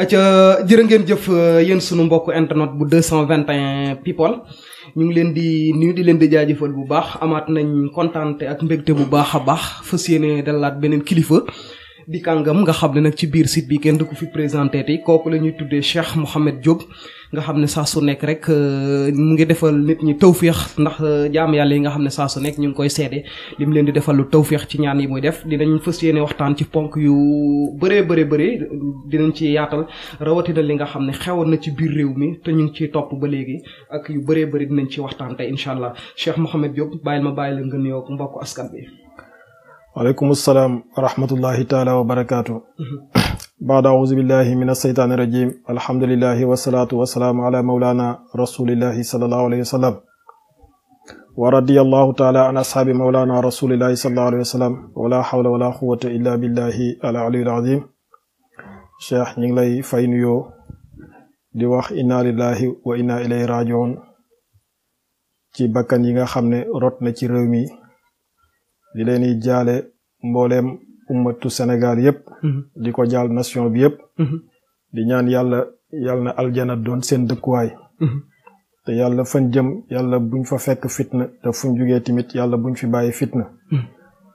aca jërë ngeen jëf euh, yéen sunu mbokk internet bu 221 people ñu ngi leen di nuyu di leen di jaajëfal bu baax amaat nañ kontaan ak mbégte bu baax a baax fas yéene dalaat beneen kilifa di kàngam nga xam ne nag ci biir sit bi kenn du ko fi présenté tey kooku la ñuy tuddee Cheikh Mouhamed Diop nga xam ne saa su nekk rek euh, mu ngi defal nit ñi tawféex ndax euh, jaam yàlla yi nga xam ne saa su nekk ñu ngi koy seede li leen di defal lu tawféex ci ñaan yi muy def dinañ fas yéene waxtaan ci ponk yu bëree bëri bëri dinañ ci yaatal rawatina li nga xam ne xewoon na ci biir réew mi te ñu ngi ciy topp ba léegi ak yu bëree bëri dinañ ci waxtaan tey incha allah Cheikh Mouhamed Diop bàyyil ma bàyyi la nga nuyoo mbokku askan bi waaleykum salaam wa rahmatullahi taala wa barakaatu. baada auzu billahi min asseytaani rajim alhamdulilahi wasalaatu wasalaamu ala maulana rasulillahi salallahu alayhi wa sallam wa radiyallahu taala an ashaabi maulana rasulillahi salallahu alayhi wa sallam wala illa billahi al aliyul azim cheikh ñu ngi lay fay nuyoo di wax inna lillahi wa inna ilayhi rajiun ci bakkan yi nga xam ne rot na ci réew mi di leen di jaale mbooleem ummatu Sénégal yëpp. Mm-hmm. di ko jaal nation bi yëpp. Mm-hmm. di ñaan yàlla yàlla na aljana doon seen dëkkuwaay. Mm-hmm. te yàlla fan jëm yàlla buñ fa fekk fitna te fuñ jugee tamit yàlla buñ fi bàyyi fitna.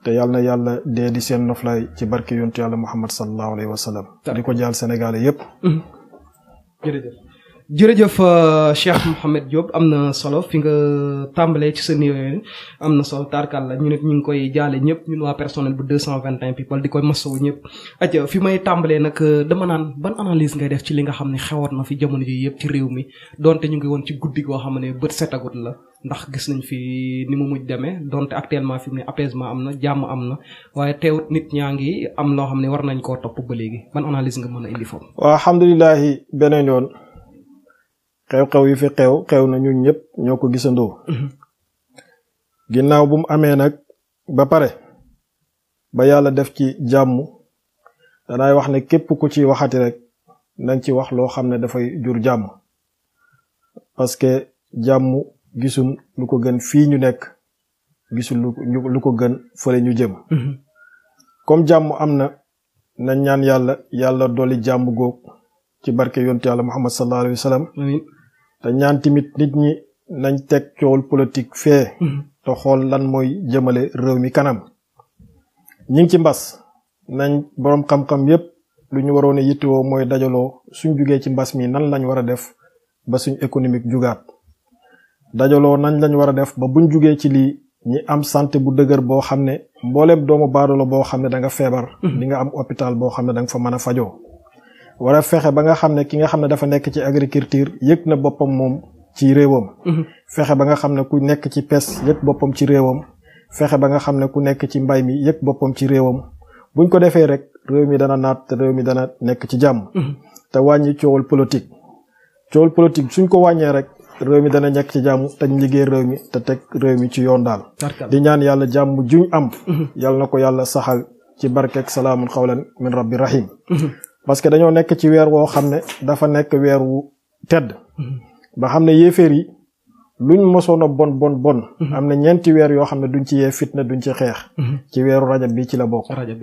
te yàlla na yàlla dee di seen noflaay ci barke yontu yàlla Muhammad sallallahu alayhi wa sallam. di ko jaal Sénégal yëpp. jërëjëf euh, Cheikh Mouhamed Diop am na solo fi nga tambalee ci sa nuyoo am na solo tarkal la ñu nit ñu ngi koy jaalee ñëpp ñun waa personnel bu 221 people di koy masawu ñëpp. aja fi may tàmbalee nag euh, dama naan ban analyse ngay def ci li nga xam ne xewoon na fi jamono ji yëpp ci réew mi donte ñu ngi woon ci guddi goo xam ne bët setagut la ndax gis nañ fi ni mu mujj demee donte actuellement fi mu ne apaisement am na jàmm am na waaye teewut nit ñaa ngi am loo xam ne war nañ koo topp ba léegi ban analyse nga mën a indi foofu. waaw alhamdulilah beneen yoon. xew-xew yi fi xew xew na ñun ñëpp ñoo ko gisandoo. Mhm. ginnaaw bu mu amee nag ba pare ba yàlla def ci jàmm danaay wax ne képp ku ci waxati rek nañ ci wax loo xam ne dafay jur jàmm parce que jàmm gisul lu ko gën fii ñu nekk gisul ko gën fële ñu jëm. Mhm. comme jàmm am na nañ ñaan yàlla yàlla dooli jàmm goog ci barke yonte yàlla Muhammad sallallahu alayhi wa te ñaan tamit nit ñi nañ teg coowul politique fee. Mm-hmm. te xool lan mooy jëmale réew mi kanam. ñi ngi ci mbas nañ boroom xam-xam yépp lu ñu waroon a yittewoo mooy dajaloo suñ jugee ci mbas mii nan lañ war a def ba suñ économique jugaat dajaloo nan lañ war a def ba buñ jugee ci lii ñi am santé bu dëgër boo xam ne mbooleem doomu baadolo boo xam ne da nga feebar. Mm-hmm. di nga am hôpital boo xam ne danga fa mën a fajoo. war a fexe ba nga xam ne ki nga xam ne dafa nekk ci agriculture yëg na boppam moom ci réewam. Mhm. fexe ba nga xam ne ku nekk ci pes yëg boppam ci réewam. fexe ba nga xam ne ku nekk ci mbay mi yëg boppam ci réewam buñ ko defee rek réew mi dana naat te réew mi dana nekk ci jàmm. Mhm. te wàññi coowal politique. coowal politique suñ ko wàññee rek réew mi dana nekk ci jàmm te liggéey réew mi te teg réew mi ci yoon daal. di ñaan yàlla jàmm juñ am. Mhm. yàlla na ko yàlla saxal ci barkeek salaamun xawlan min rabbi rahim. parce que dañoo nekk ci weer woo xam ne dafa nekk weer wu tedd ba xam ne yéeféer yi luñ mosoon a bon bon bon am na ñeenti weer yoo xam ne duñ ci yee fitna duñ ci xeex ci weeru rajab bi ci la bokk rajab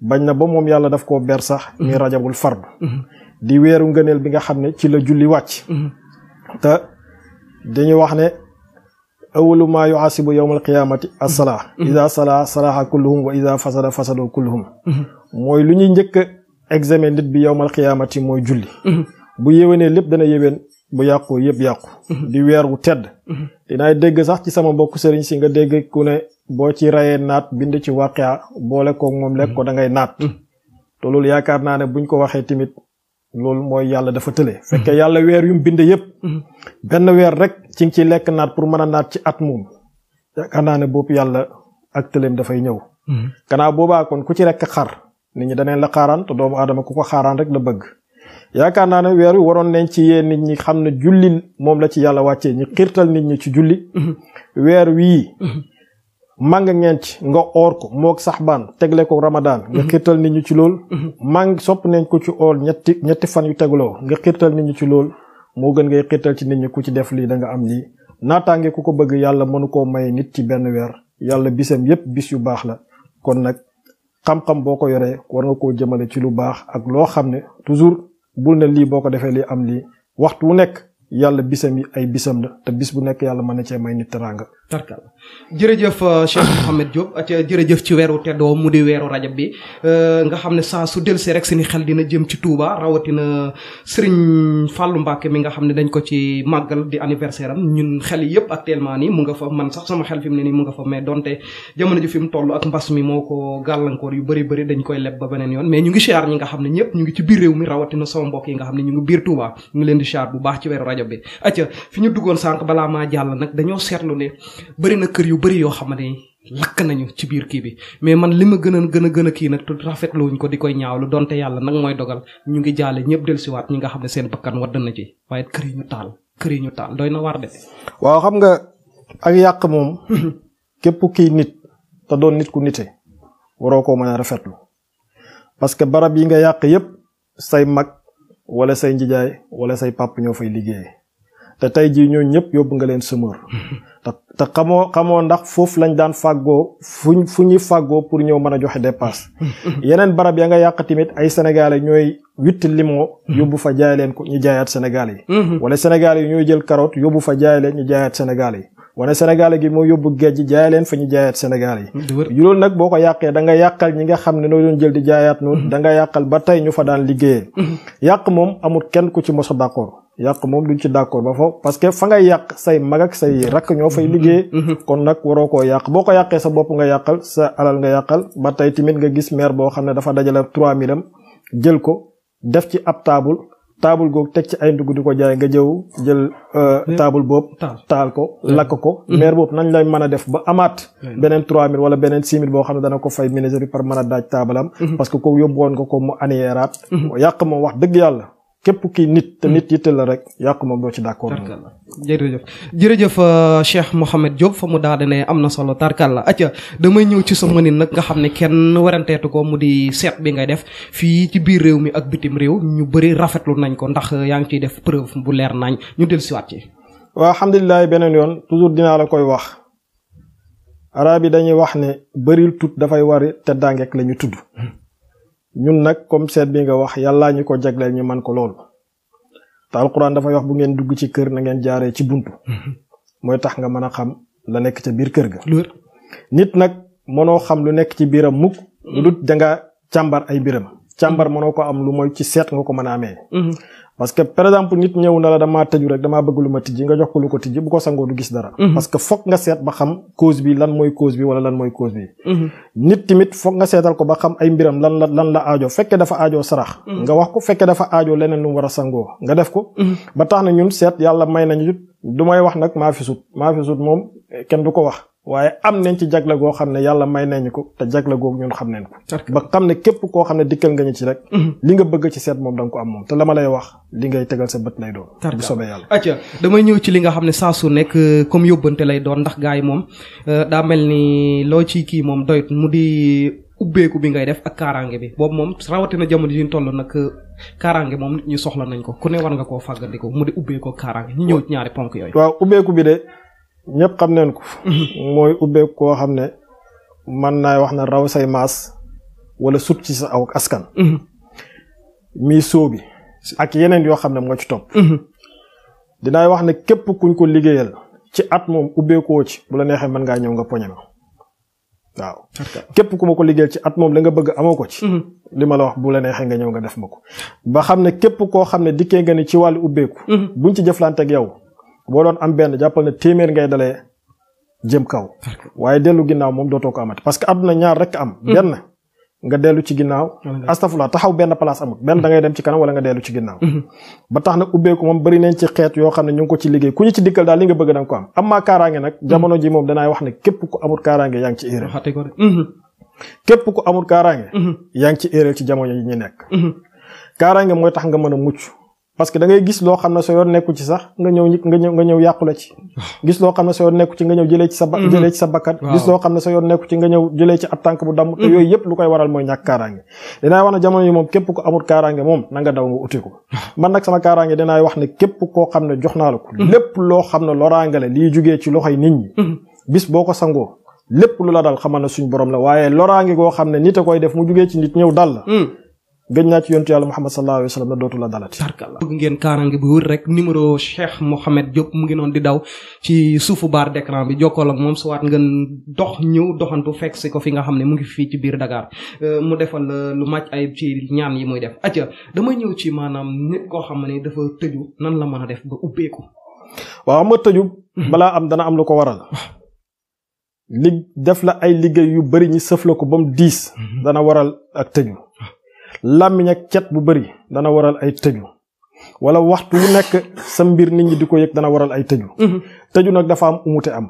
bañ na ba moom yàlla daf koo beer sax mi rajabul fard di weeru ngëneel bi nga xam ne ci la julli wàcc te dañu wax ne awalu maa yuhasibu yowmal qiyaamati as-salaa ida salaa salaaha kulluhum wa ida fasada fasada kulluhum mm-hmm. mooy lu ñuy njëkk examen nit bi yowmal xiyaamati mooy julli mhm. bu yéwénee lépp dana yéwén bu yàqu yëpp yàqu mhm. di weer wu tedd mhm. dinaa dégg sax ci sama mbokk sëriñ si nga dégg ku ne boo ci reyee naat bind ci wàqiya boole ko moom lekk ko dangay naat te loolu yaakaar naa ne buñ ko waxee tamit lool mooy yàlla dafa tële fekke yàlla weer yum bind yëpp benn weer rek ci ngi ci lekk naat pour mën a naat ci at moom yaakaar naa ne boobu yàlla ak tëleem dafay ñëw kanaa boobaa kon nit ñi daneen la xaaraan te doomu aadama ku ko xaaraan rek la bëgg yaakaar naa ne weer wi waroon nañ ci yee nit ñi xam ne julli moom la ci yàlla wàccee ñi xiirtal nit ñi ci julli weer wii màng ngeen ci nga oor ko moog saxbaan tegle ko ramadaan nga xiirtal nit ñi ci lool màng sopp nañ ko ci oor ñetti ñetti fan yu tegloo nga xiirtal nit ci lool moo gën ngay xiirtal ci nit ñi ku ci def lii da nga am lii naataange ku ko bëgg yàlla mënu koo may nit ci benn weer yàlla bisam yépp bis yu baax la kon nag xam-xam boo ko yoree war nga koo jëmale ci lu baax ak loo xam ne toujours bul ne lii boo ko defee lii am lii waxtu wu nekk yàlla bisam yi ay bisam la te bis bu nekk yàlla mën na cee may nit teraanga tarkal jërëjëf euh, Cheikh Mouhamed Diop ak jërëjëf ci weeru teddoo mu di weeru rajab bi euh, nga xam ne saa su dellusee rek suñu xel dina jëm ci Touba rawatina Serigne Fallou Mbacke mi nga xam ne dañ ko ci màggal di anniversaire am ñun xel yëpp actuellement nii mu nga fa man sax sama xel fi mu nga fa mais donte jamono ji fi mu toll ak mbas mi moo ko gàllankoor yu bëri bëri dañ koy leb ba beneen yoon mais ñu ngi siyaar ñi nga xam ne ñëpp ñu ngi ci biir réew mi rawatina sama mbokk yi nga xam ne ñu ngi biir Touba ñu ngi leen di siyaar bu baax ci weeru rajab bi acca fi ñu duggoon sànq balaa maa jàll nag dañoo seetlu ne bëri na kër yu bëri yoo xam ni lakk nañu ci biir kii bi mais man li ma gën a gën a gën a kii nag rafetlu wuñ ko di koy ñaawlu donte yàlla nag mooy dogal ñu ngi jaale ñëpp dellusiwaat ñi nga xam ne seen bakkan wadd na ci waaye kër yi ñu taal kër yi ñu taal doy na war de. waaw xam nga ak yàq moom. képp kii nit te doon nit ku nite waroo koo mën a rafetlu parce que barab yi nga yàq yépp say mag wala say njijaay wala say pàpp ñoo fay liggéey te tey jii ñoo ñëpp yóbbu nga leen semeur te xamoo xamoo ndax foofu lañ daan fàggoo fuñ fu ñuy fàggoo pour ñëw mën a joxe dépasse yeneen barab ya nga yàq tamit ay sénégalais ñooy witt limon hmm. yóbbu fa jaay leen ko ñu jaayaat senegal yi hmm. wala senegal yi ñooy jël carotte yóbbu fa jaay leen ñu jaayaat sénégalais yi wala sénégalais gi moo yóbbu géej jaay leen fa ñu jaayaat sénégalais yi hmm, loolu nag boo ko yàqee da nga yàqal ñi nga xam ne noo doon jël di jaayaat noonu yàqal ba tey ñu fa daan liggéeyee yàq moom amul kenn ku ci mos a d'accord yàq moom duñ ci d'accord ba foofu parce que fa ngay yàq say mag ak say rakk ñoo fay liggéey mhm. kon nag waroo koo yàq boo ko yàqee sa bopp nga yàqal sa alal nga yàqal ba tey tamit nga gis maire boo xam ne dafa dajale trois mille jël ko def ci ab taabul taabul googu teg ci ay ndugg di ko jaay nga jëw jël euh, taabul boobu taal ko lakk ko mhm. maire boobu nañ lay mën a def ba amaat beneen trois mille wala beneen six mille boo xam ne dana ko fay ménagerie par mën a daaj taabalam mhm. parce que ko yóbbu woon nga ko mu anéeraat yàq moom wax dëgg yàlla képp ki nit te mm. nit yitte la rek yàquma boo ci d'accord jërëjëf jërëjëf euh, Cheikh Mouhamed Diop fa mu daal ne am na solo tarkal la acca damay ñëw ci sa mënin nag nga xam ne kenn waranteetu ko mu di seet bi ngay def fii ci biir réew mi ak bitim réew ñu bëri rafetlu nañ ko ndax yaa ngi ciy def preuve bu leer nañ ñu del siwaat yi waa alhamdulilah beneen yoon toujours dinaa la koy wax arab yi dañuy wax ne bëril tut dafay wari te dàngeek la ñu tudd ñun nag comme seet bi nga wax yàllaa ñu ko jagleel ñu man ko loolu te alquran dafa wax bu ngeen dugg ci kër na ngeen jaaree ci buntu mm-hmm. mooy tax nga mën a xam la nekk ca biir kër ga nit nag mënoo xam lu nekk ci biiram mukk lu dut mm-hmm. danga càmbar ay biram càmbar mm-hmm. mënoo ko am lu mooy ci seet nga ko mën a amee parce que par exemple nit ñëw na la damaa tëju rek damaa bëgg lu ma tijji nga jox ko lu ko tijji bu ko sangoo du gis dara. Mhm. parce que foog nga seet ba xam cause bi lan mooy cause bi wala lan mooy cause bi. Mhm. nit tamit foog nga seetal ko ba xam ay mbiram lan la lan la aajo fekkee dafa aajo sarax. Mhm. nga wax ko fekkee dafa aajo leneen lu war a sangoo nga def ko. ba tax na ñun seet yàlla may na nañu du may wax nag maa fi sut maa fi sut moom eh, kenn du ko wax waaye am nañ ci jagle goo xam ne yàlla may nañu ko te jagle googu ñun xam nañ ko ba xam ne képp koo xam ne dikkal nga ñu ci rek mhm. bëgg ci seet moom danga ko am moom te la ma lay wax li ngay tegal sa bët lay doon bu soobee yàlla acca damay ñëw ci li nga xam ne saa su nekk euh, comme yóbbante lay doon ndax gars yi moom euh, daa mel ni loo ci kii moom doyut mu di ubbeeku bi ngay def ak kaaraange bi boobu moom rawatina jamono yi ñu toll nag euh, kaaraange moom nit ñi soxla nañ ko ku ne war nga koo fàggandiku mu di ubbeeku ak kaaraange ñu ñëw ci ñaari ponk bi de ñëpp xam nañ ko. Mhm. mooy ubbeeku koo xam ne mën naa wax na raw say maas wala sut ci sa aw askan. Mhm. mi soo yeneen yoo xam ne moo ci topp. Mhm. dinaay wax ne képp kuñ ko liggéeyal ci at moom ubbeekoo ci bu la neexee mën ngaa ñëw nga poñe na waaw képp ku ma ko liggéeyal ci at moom la nga bëgg amoo ko ci. Mm-hmm. li ma la wax bu la neexee nga ñëw nga def ma ko. ba xam ne képp koo xam ne dikkee nga ni ci wàllu ubbeeku. Mm-hmm. buñ ci jëflante ak yow boo doon am benn jàppal ne téeméer ngay dalee jëm kaw. waaye dellu ginnaaw moom dootoo ko amat parce que na ñaar rek am mm-hmm. benn. nga dellu ci ginnaaw astafula taxaw benn place amul benn mhm. da ngay dem ci kanam wala nga dellu ci ginnaaw mhm. ba tax na ubbeeku moom bëri nañ ci xeet yoo xam ne ñu ko ci liggéey ku ñu ci dikkal daal li nga bëgg da nga ko am am maa kaaraange nag mhm. jamono ji moom danaay wax ne képp ku amul kaaraange yaa ci éeréel képp ku amul kaaraange yaa ci éeréel ci jamono yi ñu nekk kaaraange mooy tax nga mën a mucc parce que da ngay gis loo xam ne sa yoon nekku ci sax nga ñëw nga ñëw nga ñëw ci. gis loo xam ne sa yoon nekku ci nga ñëw jëlee ci sa. Mm-hmm. jëlee ci sa bakkan. gis loo xam ne sa yoon nekku ci nga ñëw jëlee ci ab tànk bu damm. te mm-hmm. yooyu yëpp lu koy waral mooy ñàkk kaaraange. dinaa wax ne jamono yi moom képp ko amul kaaraange moom na daw nga uti ko. man nag sama kaaraange dinaay wax ne képp koo xam ne jox naa la ko. Mm-hmm. lépp loo xam ne loraange la liy jugee ci loxoy nit ñi. bis boo ko sangoo lépp lu la dal xamal na suñu borom la waaye loraange goo xam ne nit a koy ci nit ñëw dal gëj naa ci yontu yàlla Muhammad sallallahu alayhi wa sallam dootu la dalati. tarkalla bëgg ngeen kaaraange bu wër rek numéro Cheikh Mouhamed Diop mu ngi noonu di daw ci suufu baar d'écran bi jokkool ak moom waat ngeen dox ñëw doxantu fekk si ko fi nga xam ne mu ngi fii ci biir dagaar euh, mu defal euh, lu màcc ay ci ñaan yi muy def acca damay ñëw ci maanaam nit koo xam ne dafa tëju nan la mën a def ba ubbeeku. waaw xam nga tëju. Hmm. balaa am dana am lu ko waral. Ah. li def la ay liggéey yu bari ñi sëf ko ba mu diis. Hmm. waral làmmiñ ak cet bu bari dana waral ay tëju wala waxtu wu nekk sa mbir nit ñi di ko yëg dana waral ay tëju mhm. tëju nag dafa am umute am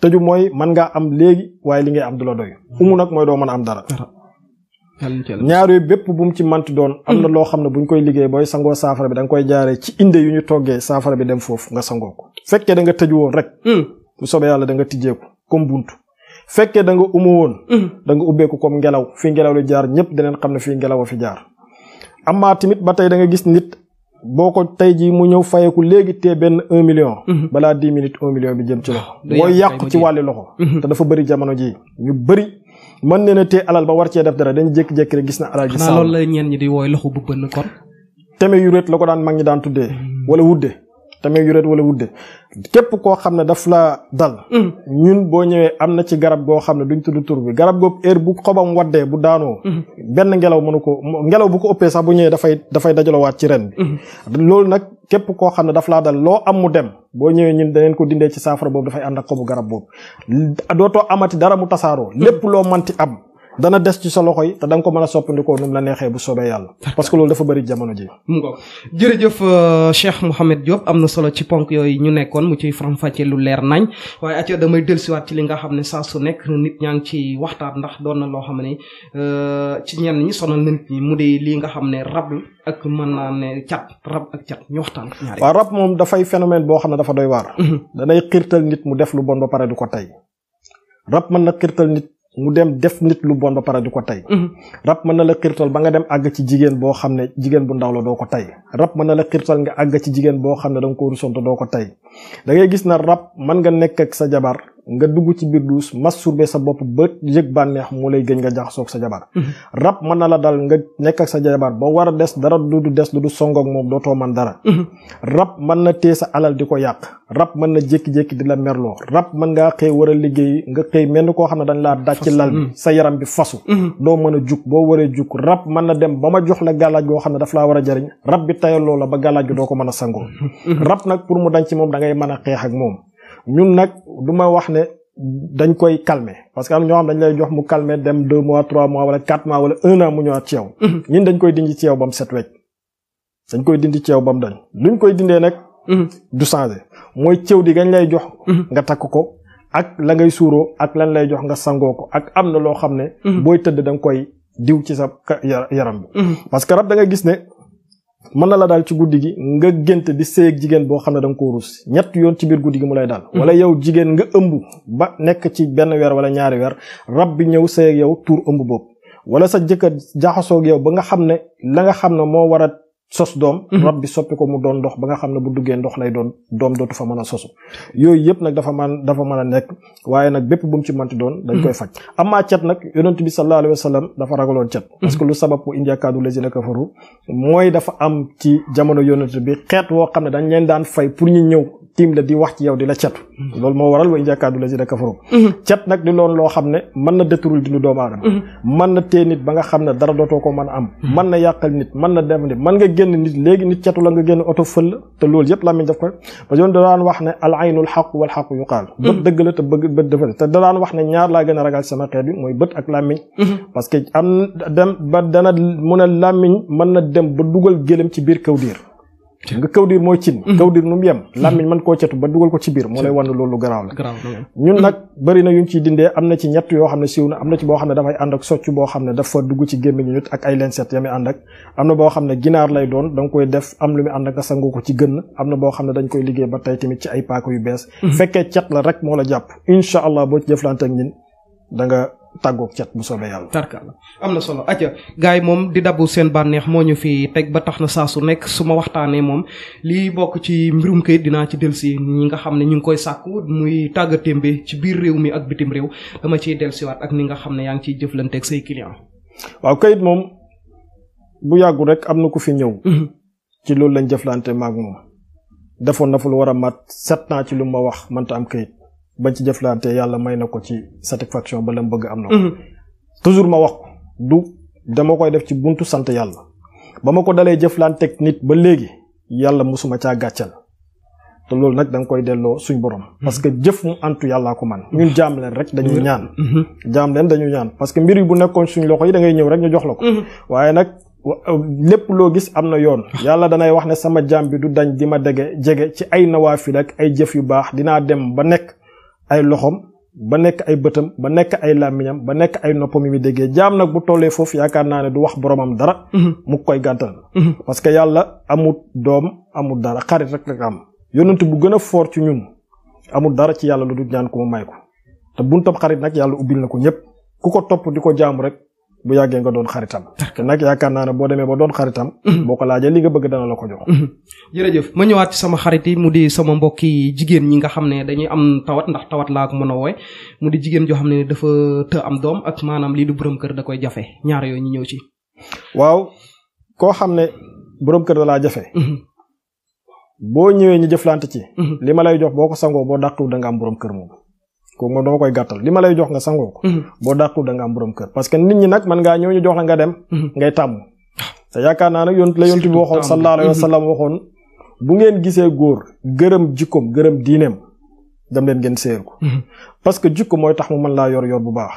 tëju mooy man ngaa am léegi waaye li ngay am du la doy mhm. umu nag mooy doo mën a am dara ñaar bépp bu ci manti doon am na mhm. loo xam ne bu ñu koy liggéey booy sangoo saafara bi da koy jaaree ci inde yu ñu toggee saafara bi dem foofu nga sangoo ko fekkee danga nga tëju woon rek bu soobee yàlla danga nga tijjeeku comme buntu fekkee da nga umu woon mm-hmm. danga nga ubbeeku comme ngelaw fii ngelaw li jaar ñëpp deneen xam ne fii ngelaw fi jaar amaa tamit ba tey da nga gis nit boo ko tey jii mu ñëw fayeku léegi tee benn un million mm-hmm. balaa dix minutes un million bi jëm ci loxo mooy ah, yàqu ci wàlli loxo mm-hmm. te dafa bëri jamono ji ñu bëri mën nee na tee alal ba war cee def dara dañu jékki-jékki rek gis na alal ji sa loolu ñeen ñi di wooy loxo bu na kon teme yu réet la ko daan mag ñi daan tuddee wala wudde tamit yuret wala wudde képp koo xam ne daf la dal mm. ñun boo ñëwee am na ci garab goo xam ne duñ tudd tur bi garab googu heure bu xobam waddee bu daanoo mm-hmm. benn ngelaw mënu ko ngelaw bu ko ëppee sax bu ñëwee dafay dafay dajalowaat ci ren bi mm-hmm. loolu nag képp koo xam ne daf laa dal loo am mu dem boo ñëwee ñun daneen ko dindee ci saafara boobu dafay ànd ak xobu garab boobu dootoo amati dara mu tasaaroo mm-hmm. lépp loo manti am dana des ci sa loxo yi te da ko mën a soppandikoo nu mu la neexee bu soobee yàlla. parce loolu dafa bëri jamono ji. jërëjëf euh, Cheikh Mouhamed Diop am na solo ci ponk yooyu ñu nekkoon mu ciy faram-fàccee lu leer nañ waaye atya damay dellusiwaat ci li nga xam ne saa su nekk nit ñaa ngi ci waxtaan ndax doon na loo xam ne euh, ci ñenn ñi sonal nit ñi mu dee lii nga xam ne rab ak mën naa ne cat rab ak cat ñu waxtaan. waaw rab moom dafay phénomène boo xam ne dafa doy waar. Mhm. danay xiirtal nit mu def lu bon ba pare du ko tey mu dem def nit lu bon ba pare du ko tey. Mhm. rab mën na la xirtal ba nga dem àgg ci jigéen boo xam ne jigéen bu ndaw la doo ko tey rab mën na la xirtal nga àgg ci jigéen boo xam ne danga nga ko rusonte doo ko tey da ngay gis na rab mën nga nekk ak sa jabar nga dugg ci biir duus masturbe sa bopp ba yëg bànneex mu lay gëñ nga jaxasoog sa jabar mhm. rab mën na la dal nga nekk ak sa jabar ba war a des dara du du des du du songoog moom dootoo man dara mhm. rab mën na téye sa alal di ko yàq rab mën na jékki-jékki di la merloo rab mën ngaa xëy war a liggéey nga xëy mel ni koo xam ne dañ laa daj ci lal bi mhm. sa yaram bi fasu doo mën a jug boo waree jug rab mën na dem ba ma jox la gàllaaj goo xam ne daf laa war a jariñ la ba gàllaaj bi doo ko mën a sangoo rab nag pour mu dañ ci moom da mën a xeex ak moom ñun nag du ma wax ne dañ koy calmer parce que am ñoo xam dañ lay jox mu calmer dem deux mois trois mois wala quatre mois wala un an mu ñëwaat ci yow. Mhm. ñun dañ koy dindi ci yow ba mu set wecc dañ koy dindi ci yow dañ luñ koy dindee nag. Mhm. du changer mooy cëw di gañ lay jox. Mhm. nga takk ko ak la ngay suuroo ak lan lay jox nga sangoo ko ak am na loo xam ne. booy tëdd da koy diw ci sa yaram bi. parce rab da gis ne. mën na la daal ci guddi gi nga gént di sëy ak jigéen boo xam ne danga ko ruus ñett yoon ci biir guddi gi mu lay daal. wala yow jigéen nga ëmb ba nekk ci benn weer wala ñaari weer rab bi ñëw sëy ak yow tuur ëmb boobu wala sa jëkkër jaaxasoo yow ba nga xam ne la nga xam ne moo war a sos doom mhm. rab bi soppi ko mu doon ndox ba nga xam ne bu duggee ndox lay doon doom dootu fa man a sosu yooyu yëpp nag dafa man dafa man a nekk waaye nag bépp bu mu ci manti doon dañ mhm. koy faj amaa cat nag yonent bi sallallahu alayhi wa dafa ragaloon cat mhm. parce que lu sabab mu indi akaadu lazina kafaru mooy dafa am ci jamono yonent bi xeet woo xam ne dañ leen daan fay pour ñu ñëw tiim la di wax ci yow di la catu mm-hmm. loolu moo waral wa in jahadu lazina kafaru mm-hmm. cat nag di loon loo xam ne mën na détourner dundu doomu aadama mm-hmm. mën na ba nga xam ne dara dootoo ko a am mën na dem la nga génn oto fël te loolu yëpp làmmiñ daf ba la te bëgg bët dafa te daan wax ne ñaar a ragal sama xeet bi mooy dugal gëlëm ci biir kaw nga kawdir mooy cin mm-hmm. kawdir nu mu yem mm-hmm. làmmiñ mën koo cetu ba dugal ko ci biir moo lay wan loolu garaaw la ñun mm-hmm. nag bëri na yuñ ciy dindee am na ci ñett yoo xam ne siiw na am na ci boo xam ne dafay ànd ak socc boo xam ne dafa dugg ci gémmiñu nit ak ay lenset yami ànd ak am na boo xam ne ginaar lay doon da koy def am lu mu ànd ak nga sangu ko ci gën am na boo xam ne dañ koy liggéey ba tey tamit ci ay paaka yu bees fekkee cet la rek moo la jàpp tàggoog cat bu soobee yàlla. tarkala am na solo aja gars yi moom di dabu seen bànneex moo ñu fi teg ba tax na saa su nekk su ma waxtaanee moom lii bokk ci mbirum kayit dinaa ci delsi ñi nga xam ne ñu ngi koy sàkku muy tàggateem bi ci biir réew mi ak bitim réew dama ciy delsiwaat ak ni nga xam ne yaa ngi ciy jëflanteeg say client waaw kayit moom bu yàggu rek am na ku fi ñëw. Mhm. ci loolu lañ jëflante maag moom. defoon na fu war a mat sept ans ci lu ma wax mënta am kayit. bañ ci jëflante yàlla may na ko ci satisfaction ba la bëgg am na ko mhm. toujours ma wax ko du dama koy def ci buntu sant yàlla ba ma ko dalee jëflanteeg nit ba léegi yàlla musuma ca gàcceel te loolu nag da nga koy delloo suñ borom. Mhm. parce que jëf mu antu yàllaa ko man ñun jaam leen rek dañuy mhm. ñaan. jaam leen dañuy ñaan parce que mbir yi bu nekkoon suñ loxo yi da ñëw rek ñu jox la ko. waaye nag euh, lépp loo gis am na yoon. yàlla danay wax ne sama jaam bi du dañ di ma dege jege ci ay nawaafil ak ay jëf yu baax dinaa dem ba nekk. ay loxoom ba nekk ay bëtam ba nekk ay làmmiñam ba nekk ay noppam yi muy déggee jaam nag bu tollee foofu yaakaar naa ne du wax boromam dara. Mhm. mu koy gàttal. Mhm. parce que yàlla amut doom amut dara xarit rek am. yonent bu gën a foor ci ñun amul dara ci yàlla lu du ñaan ko mu may ko te buntam xarit nag yàlla ubbil na ko ñëpp ku ko topp di ko jaamu rek bu yàggee nga doon xaritam. te nag yaakaar naa ne boo demee ba doon xaritam. Mhm. boo ko laajee li nga bëgg dana la ko jox. Mhm. jërëjëf ma ñëwaat ci sama xarit yi mu di sama mbokki jigéen ñi nga xam ne dañuy am tawat ndax tawat laa ko mën a wooye mu di jigéen joo xam ne dafa të am doom ak maanaam lii du borom kër da koy jafe ñaar yooyu ñu ñëw ci. waaw koo xam ne borom kër da laa jafe. Mhm. boo ñëwee ñu jëflante ci. li ma lay jox boo ko sangoo boo dàqul da nga am borom kër moom. kooku moom dama koy gàttal li ma lay jox nga sangoo ko. Mhm. boo dàqul da nga am borom kër parce que nit ñi nag mën ngaa ñëw ñu jox la nga dem. Mhm. ngay tàmm ah. te yaakaar naa nag yont la yont bi waxoon sallallahu alayhi wa mhm. waxoon bu ngeen gisee góor gërëm jikkoom gërëm diineem dem leen ngeen séer parce que jikko mooy tax mu mën laa yor yor bu baax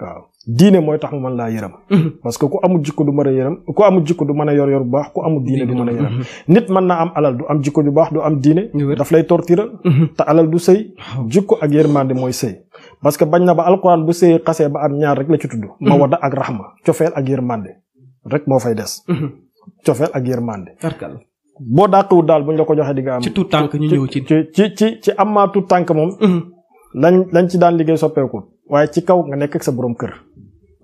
waaw. diine mooy tax mu mën laa yërëm mhm. parce que ku amul jikko du mën a yërëm ku amul jikko du mën a yor yor bu baax ku amul diine du mën a yërëm mhm. nit mën naa am alal du am jikko ju baax du am diine daf lay tortiral mhm. te alal du sëy jikko ak yërmande mooy sëy parce que bañ na ba alquran bu sëy xasee ba am ñaar rek la ci tudd mawadda ak rahma cofeel ak yërmande rek moo fay des cofeel ak yërmande boo dàqwul daal buñ la ko joxee di nga am ci tout tànk ñu ñëw ci ci ci ci ci kaw nga nekk sa borom kër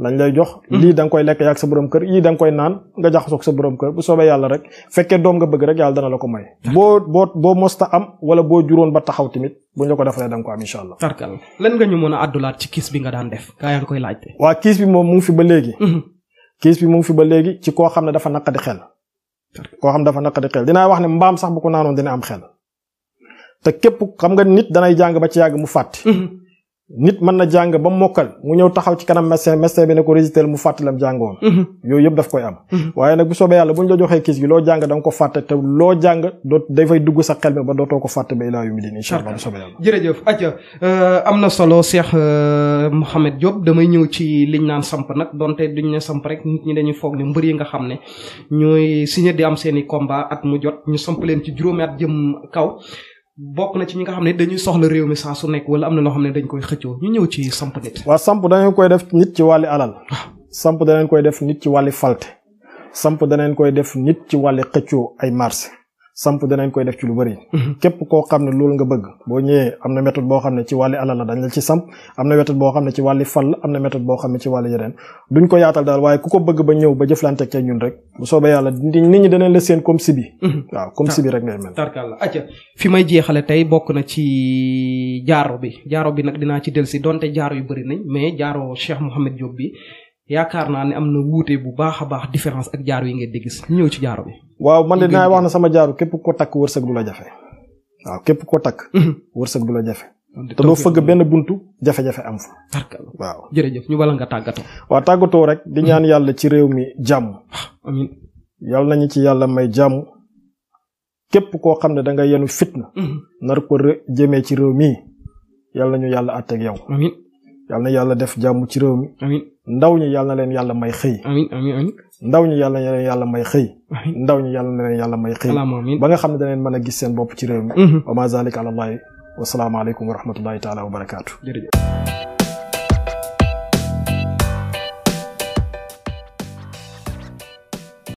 lañ lay jox mhm. lii da nga koy lekk yaag sa borom kër yii da koy naan nga jaxasoog sa borom kër bu soobee yàlla rek fekkee doom nga bëgg rek yàlla dana la ko may boo boo boo mosta am wala boo juróon ba taxaw tamit bu ñu la ko defalee da nga ko am incha allah tarkal nga ñu mën a àddulaat ci kiis bi nga daan def gaa yaa ngi koy laajte waa kiis bi moom mu ngi ba léegi mhm. kiis koo xam ne dafa naqadi xel koo xam ne dafa naqadi xel dinaa wax ne mbaam sax bu ko naanoon dina am xel te képp xam nga nit danay jàng ba ci yàgg mu fàtti mhm. nit mën na jàng ba mokkal mu ñëw taxaw ci kanam médecin médecin bi ne ko résitel mu fàttalam jàngoon mhm. yooyu yëpp daf koy am mhm. waaye nag bu soobee yàlla bu ñu la da loo doo dafay dugg sa xel ba dootoo ko fàtte ba ilaa yu mi din incha allah bu soobee yàlla jërëjëf aja euh, am na solo Cheikh euh, Mouhamed damay ñëw ci liñ naan samp nag donte duñ ne samp rek nit ñi dañuy foog ne mbër yi nga xam ne ñooy signé di am seen i combat at mu jot ñu samp leen ci juróomi at jëm kaw bokk na ci ñi nga xam ne dañuy soxla réew mi saa su nekk wala am na loo xam ne dañ koy xëccoo ñu ñëw ci samp nit. waaw samp danañ koy def nit ci wàlli alal. Ah. samp danañ koy def nit ci wàlli falte. samp danañ koy def nit ci wàlli xëccoo ay marché. samp danañ koy def ci lu bëri. Mhm. képp koo xam ne loolu nga bëgg boo ñëwee am na méthode boo xam ne ci wàlli alal la dañ la ci samp am na méthode boo xam ne ci wàlli fal am na méthode boo xam ne ci wàlli yeneen duñ ko yaatal daal waaye ku ko bëgg ba ñëw ba jëflante ak ñun rek bu soobee yàlla nit ñi danañ la seen comme si bi mhm. waaw comme si bi rek ngay mel tarkalla acca fi may jeexale tey bokk na ci jaaro bi jaaro bi nag dinaa ci delsi donte jaaro yu bëri nañ mais jaaro Cheikh Mouhamed Diop bi yaakaar naa ne am na wuute bu baax a baax différence ak jaaro yi ngeen di gis ñëw ci jaaro bi. waaw man de naa wax na sama jaaro képp ko takk wërsëg du la jafe. waaw képp ko takk. Mhm. wërsëg du la jafe. te doo fëgg benn buntu jafe-jafe am fa. waaw jërëjëf ñu bala nga tàggatoo. waaw tàggatoo rek di ñaan mhm. yàlla ci réew mi jàmm. Ah, amiin yàlla nañu ci yàlla may jàmm. képp koo xam ne da nga yenu fitna. Mhm. nar ko jëmee ci réew mii. yàlla nañu yàlla àtteeg yow. yàlla yàlla def jàmm ci réew mi. ndaw ñi yàlla na leen yàlla may xëy. amiin amiin amiin ndaw ñi yàlla na leen yàlla may xëy. ndaw ñi yàlla na leen yàlla may xëy. ba nga xam ne danañ mën a gis seen bopp ci réew mi. Mhm. wa ma zalika alallahi wa salaamu aleykum wa rahmatullahi taala wa barakaatu. jërëjëf.